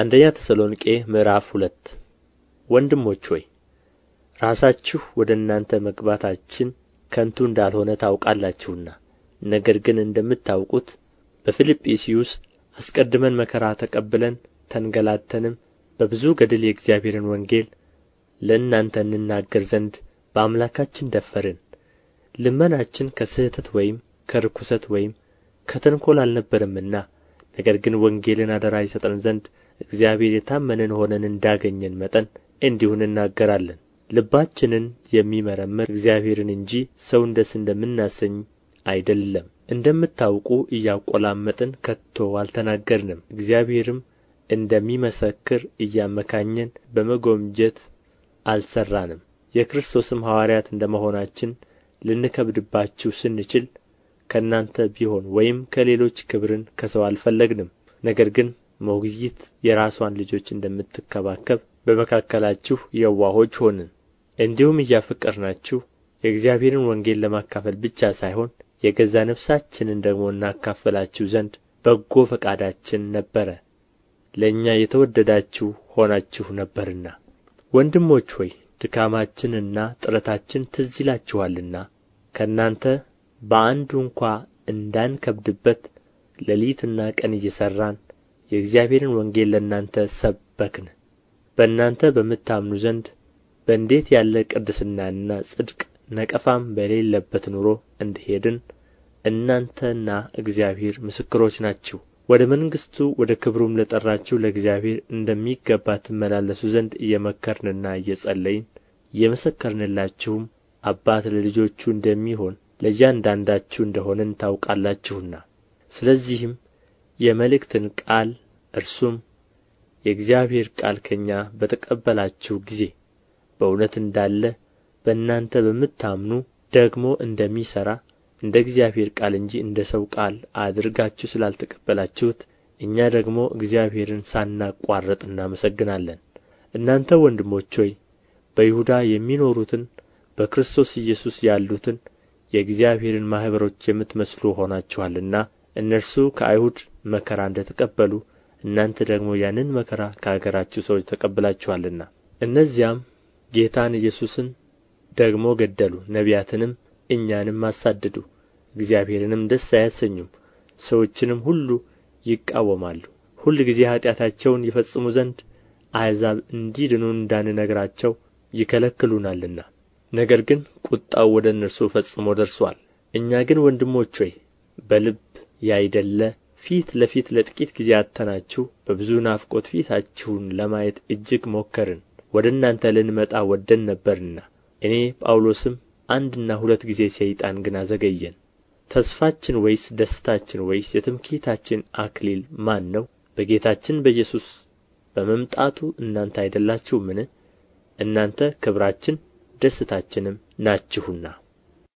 አንደኛ ተሰሎንቄ ምዕራፍ ሁለት ወንድሞች ሆይ ራሳችሁ ወደ እናንተ መግባታችን ከንቱ እንዳልሆነ ታውቃላችሁና ነገር ግን እንደምታውቁት በፊልጵስዩስ አስቀድመን መከራ ተቀብለን ተንገላተንም በብዙ ገድል የእግዚአብሔርን ወንጌል ለእናንተ እንናገር ዘንድ በአምላካችን ደፈርን። ልመናችን ከስህተት ወይም ከርኵሰት ወይም ከተንኰል አልነበረምና ነገር ግን ወንጌልን አደራ ይሰጠን ዘንድ እግዚአብሔር የታመንን ሆነን እንዳገኘን መጠን እንዲሁ እንናገራለን ልባችንን የሚመረምር እግዚአብሔርን እንጂ ሰውን ደስ እንደምናሰኝ አይደለም እንደምታውቁ እያቆላመጥን ከቶ አልተናገርንም እግዚአብሔርም እንደሚመሰክር እያመካኘን በመጎምጀት አልሰራንም። የክርስቶስም ሐዋርያት እንደ መሆናችን ልንከብድባችሁ ስንችል ከእናንተ ቢሆን ወይም ከሌሎች ክብርን ከሰው አልፈለግንም ነገር ግን ሞግዚት የራስዋን ልጆች እንደምትከባከብ በመካከላችሁ የዋሆች ሆንን እንዲሁም እያፈቀርናችሁ የእግዚአብሔርን ወንጌል ለማካፈል ብቻ ሳይሆን የገዛ ነፍሳችንን ደግሞ እናካፈላችሁ ዘንድ በጎ ፈቃዳችን ነበረ፣ ለእኛ የተወደዳችሁ ሆናችሁ ነበርና። ወንድሞች ሆይ ድካማችንና ጥረታችን ትዝ ይላችኋልና ከእናንተ በአንዱ እንኳ እንዳንከብድበት ሌሊትና ቀን እየሠራን የእግዚአብሔርን ወንጌል ለእናንተ ሰበክን በእናንተ በምታምኑ ዘንድ በእንዴት ያለ ቅድስናና ጽድቅ ነቀፋም በሌለበት ኑሮ እንደ ሄድን እናንተና እግዚአብሔር ምስክሮች ናችሁ። ወደ መንግሥቱ ወደ ክብሩም ለጠራችሁ ለእግዚአብሔር እንደሚገባ ትመላለሱ ዘንድ እየመከርንና እየጸለይን እየመሰከርንላችሁም አባት ለልጆቹ እንደሚሆን ለእያንዳንዳችሁ እንደሆንን ታውቃላችሁና። ስለዚህም የመልእክትን ቃል እርሱም የእግዚአብሔር ቃል ከእኛ በተቀበላችሁ ጊዜ በእውነት እንዳለ በእናንተ በምታምኑ ደግሞ እንደሚሠራ እንደ እግዚአብሔር ቃል እንጂ እንደ ሰው ቃል አድርጋችሁ ስላልተቀበላችሁት እኛ ደግሞ እግዚአብሔርን ሳናቋረጥ እናመሰግናለን። እናንተ ወንድሞች ሆይ በይሁዳ የሚኖሩትን በክርስቶስ ኢየሱስ ያሉትን የእግዚአብሔርን ማኅበሮች የምትመስሉ ሆናችኋልና እነርሱ ከአይሁድ መከራ እንደ ተቀበሉ እናንተ ደግሞ ያንን መከራ ከአገራችሁ ሰዎች ተቀብላችኋልና እነዚያም ጌታን ኢየሱስን ደግሞ ገደሉ ነቢያትንም እኛንም አሳደዱ እግዚአብሔርንም ደስ አያሰኙም ሰዎችንም ሁሉ ይቃወማሉ ሁል ጊዜ ኃጢአታቸውን ይፈጽሙ ዘንድ አሕዛብ እንዲድኑ እንዳንነግራቸው ይከለክሉናልና ነገር ግን ቁጣው ወደ እነርሱ ፈጽሞ ደርሶአል እኛ ግን ወንድሞች ሆይ በልብ ያይደለ ፊት ለፊት ለጥቂት ጊዜ አተናችሁ በብዙ ናፍቆት ፊታችሁን ለማየት እጅግ ሞከርን ወደ እናንተ ልንመጣ ወደን ነበርና እኔ ጳውሎስም አንድና ሁለት ጊዜ ሰይጣን ግን አዘገየን ተስፋችን ወይስ ደስታችን ወይስ የትምክህታችን አክሊል ማን ነው በጌታችን በኢየሱስ በመምጣቱ እናንተ አይደላችሁምን እናንተ ክብራችን ደስታችንም ናችሁና